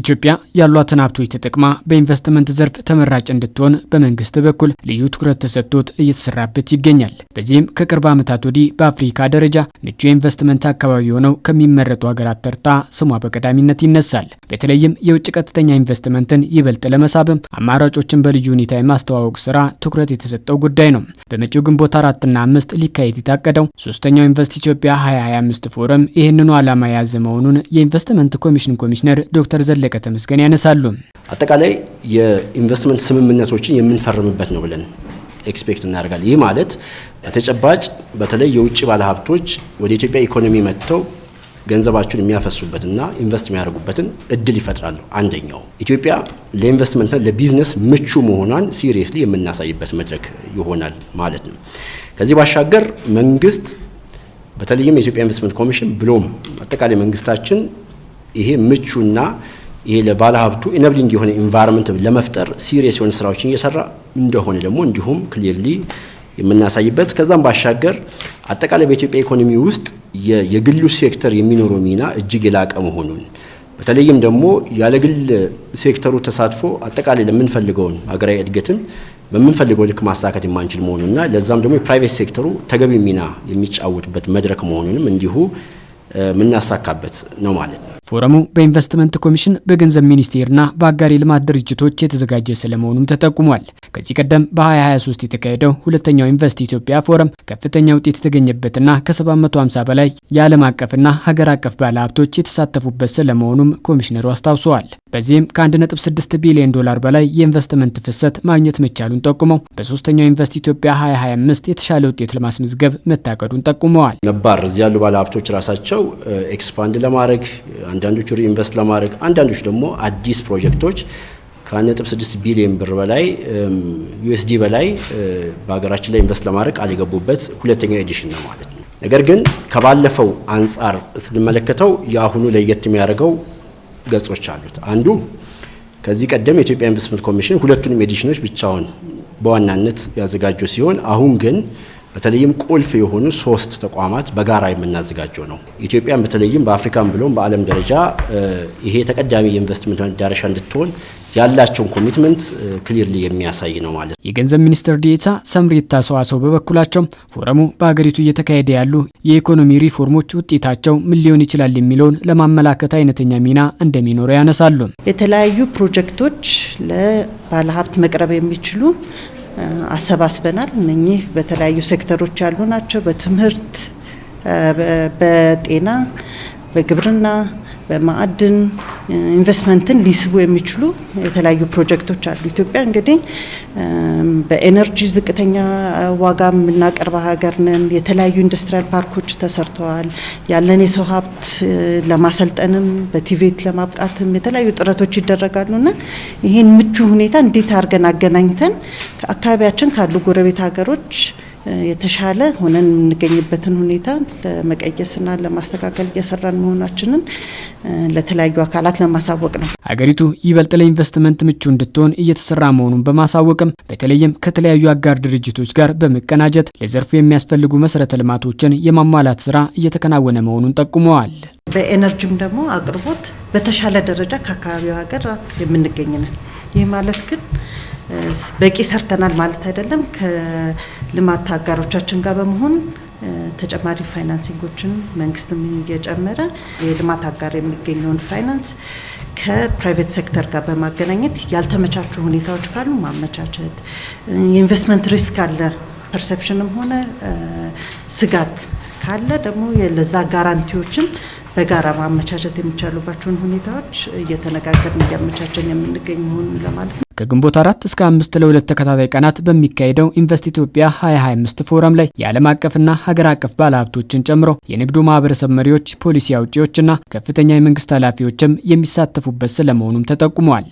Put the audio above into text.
ኢትዮጵያ ያሏትን ሀብቶች ተጠቅማ በኢንቨስትመንት ዘርፍ ተመራጭ እንድትሆን በመንግስት በኩል ልዩ ትኩረት ተሰጥቶት እየተሰራበት ይገኛል። በዚህም ከቅርብ ዓመታት ወዲህ በአፍሪካ ደረጃ ምቹ የኢንቨስትመንት አካባቢ ሆነው ከሚመረጡ ሀገራት ተርታ ስሟ በቀዳሚነት ይነሳል። በተለይም የውጭ ቀጥተኛ ኢንቨስትመንትን ይበልጥ ለመሳብም አማራጮችን በልዩ ሁኔታ የማስተዋወቅ ስራ ትኩረት የተሰጠው ጉዳይ ነው። በመጪው ግንቦት አራትና አምስት ሊካሄድ የታቀደው ሶስተኛው ኢንቨስት ኢትዮጵያ 2025 ፎረም ይህንኑ ዓላማ የያዘ መሆኑን የኢንቨስትመንት ኮሚሽን ኮሚሽነር ዶክተር ዘለ ፈለቀ ተመስገን ያነሳሉ። አጠቃላይ የኢንቨስትመንት ስምምነቶችን የምንፈርምበት ነው ብለን ኤክስፔክት እናደርጋለን። ይህ ማለት በተጨባጭ በተለይ የውጭ ባለሀብቶች ወደ ኢትዮጵያ ኢኮኖሚ መጥተው ገንዘባቸውን የሚያፈሱበትና ኢንቨስት የሚያደርጉበትን እድል ይፈጥራሉ። አንደኛው ኢትዮጵያ ለኢንቨስትመንትና ለቢዝነስ ምቹ መሆኗን ሲሪየስሊ የምናሳይበት መድረክ ይሆናል ማለት ነው። ከዚህ ባሻገር መንግስት በተለይም የኢትዮጵያ ኢንቨስትመንት ኮሚሽን ብሎም አጠቃላይ መንግስታችን ይሄ ምቹና ይሄ ለባለሀብቱ ኢነብሊንግ የሆነ ኢንቫይሮንመንት ለመፍጠር ሲሪየስ የሆነ ስራዎችን እየሰራ እንደሆነ ደግሞ እንዲሁም ክሊርሊ የምናሳይበት ከዛም ባሻገር አጠቃላይ በኢትዮጵያ ኢኮኖሚ ውስጥ የግሉ ሴክተር የሚኖረው ሚና እጅግ የላቀ መሆኑን በተለይም ደግሞ ያለ ግል ሴክተሩ ተሳትፎ አጠቃላይ ለምንፈልገውን ሀገራዊ እድገትን በምንፈልገው ልክ ማሳካት የማንችል መሆኑና ለዛም ደግሞ የፕራይቬት ሴክተሩ ተገቢ ሚና የሚጫወትበት መድረክ መሆኑንም እንዲሁ የምናሳካበት ነው ማለት ነው። ፎረሙ በኢንቨስትመንት ኮሚሽን በገንዘብ ሚኒስቴርና በአጋር የልማት ድርጅቶች የተዘጋጀ ስለመሆኑም ተጠቁሟል። ከዚህ ቀደም በ2023 የተካሄደው ሁለተኛው ኢንቨስት ኢትዮጵያ ፎረም ከፍተኛ ውጤት የተገኘበትና ከ750 በላይ የዓለም አቀፍና ሀገር አቀፍ ባለሀብቶች የተሳተፉበት ስለመሆኑም ኮሚሽነሩ አስታውሰዋል። በዚህም ከ1.6 ቢሊዮን ዶላር በላይ የኢንቨስትመንት ፍሰት ማግኘት መቻሉን ጠቁመው በሶስተኛው ኢንቨስት ኢትዮጵያ 2025 የተሻለ ውጤት ለማስመዝገብ መታቀዱን ጠቁመዋል። ነባር እዚህ ያሉ ባለሀብቶች ራሳቸው ኤክስፓንድ ለማድረግ አንዳንዶቹ ሪኢንቨስት ለማድረግ አንዳንዶቹ ደግሞ አዲስ ፕሮጀክቶች ከ1.6 ቢሊዮን ብር በላይ ዩኤስዲ በላይ በሀገራችን ላይ ኢንቨስት ለማድረግ አልገቡበት ሁለተኛ ሁለተኛው ኤዲሽን ነው ማለት ነው። ነገር ግን ከባለፈው አንጻር ስንመለከተው የአሁኑ ለየት የሚያደርገው ገጾች አሉት። አንዱ ከዚህ ቀደም የኢትዮጵያ ኢንቨስትመንት ኮሚሽን ሁለቱንም ኤዲሽኖች ብቻውን በዋናነት ያዘጋጀው ሲሆን አሁን ግን በተለይም ቁልፍ የሆኑ ሶስት ተቋማት በጋራ የምናዘጋጀው ነው። ኢትዮጵያን በተለይም በአፍሪካም ብሎም በዓለም ደረጃ ይሄ ተቀዳሚ የኢንቨስትመንት መዳረሻ እንድትሆን ያላቸውን ኮሚትመንት ክሊርሊ የሚያሳይ ነው ማለት ነው። የገንዘብ ሚኒስትር ዴኤታ ሰምሪታ ሰዋሰው በበኩላቸው ፎረሙ በሀገሪቱ እየተካሄደ ያሉ የኢኮኖሚ ሪፎርሞች ውጤታቸው ምን ሊሆን ይችላል የሚለውን ለማመላከት አይነተኛ ሚና እንደሚኖረው ያነሳሉ። የተለያዩ ፕሮጀክቶች ለባለሀብት መቅረብ የሚችሉ አሰባስበናል። እነኚህ በተለያዩ ሴክተሮች ያሉ ናቸው። በትምህርት፣ በጤና፣ በግብርና፣ በማዕድን ኢንቨስትመንትን ሊስቡ የሚችሉ የተለያዩ ፕሮጀክቶች አሉ። ኢትዮጵያ እንግዲህ በኤነርጂ ዝቅተኛ ዋጋ የምናቀርበ ሀገር ነን። የተለያዩ ኢንዱስትሪያል ፓርኮች ተሰርተዋል። ያለን የሰው ሀብት ለማሰልጠንም በቲቬት ለማብቃትም የተለያዩ ጥረቶች ይደረጋሉ እና ይህን ምቹ ሁኔታ እንዴት አድርገን አገናኝተን ከአካባቢያችን ካሉ ጎረቤት ሀገሮች የተሻለ ሆነን የምንገኝበትን ሁኔታ ለመቀየስና ለማስተካከል እየሰራን መሆናችንን ለተለያዩ አካላት ለማሳወቅ ነው። ሀገሪቱ ይበልጥ ለኢንቨስትመንት ምቹ እንድትሆን እየተሰራ መሆኑን በማሳወቅም በተለይም ከተለያዩ አጋር ድርጅቶች ጋር በመቀናጀት ለዘርፉ የሚያስፈልጉ መሰረተ ልማቶችን የማሟላት ስራ እየተከናወነ መሆኑን ጠቁመዋል። በኤነርጂም ደግሞ አቅርቦት በተሻለ ደረጃ ከአካባቢው ሀገራት የምንገኝ ነን። ይህ ማለት ግን በቂ ሰርተናል ማለት አይደለም። ከልማት አጋሮቻችን ጋር በመሆን ተጨማሪ ፋይናንሲንጎችን መንግስትም እየጨመረ የልማት አጋር የሚገኘውን ፋይናንስ ከፕራይቬት ሴክተር ጋር በማገናኘት ያልተመቻቹ ሁኔታዎች ካሉ ማመቻቸት፣ የኢንቨስትመንት ሪስክ አለ ፐርሰፕሽንም ሆነ ስጋት ካለ ደግሞ ለዛ ጋራንቲዎችን በጋራ ማመቻቸት የሚቻሉባቸውን ሁኔታዎች እየተነጋገርን እያመቻቸን የምንገኝ መሆኑን ለማለት ነው። ከግንቦት አራት እስከ አምስት ለሁለት ተከታታይ ቀናት በሚካሄደው ኢንቨስት ኢትዮጵያ 2025 ፎረም ላይ የዓለም አቀፍና ሀገር አቀፍ ባለሀብቶችን ጨምሮ የንግዱ ማህበረሰብ መሪዎች፣ ፖሊሲ አውጪዎችና ከፍተኛ የመንግስት ኃላፊዎችም የሚሳተፉበት ስለመሆኑም ተጠቁመዋል።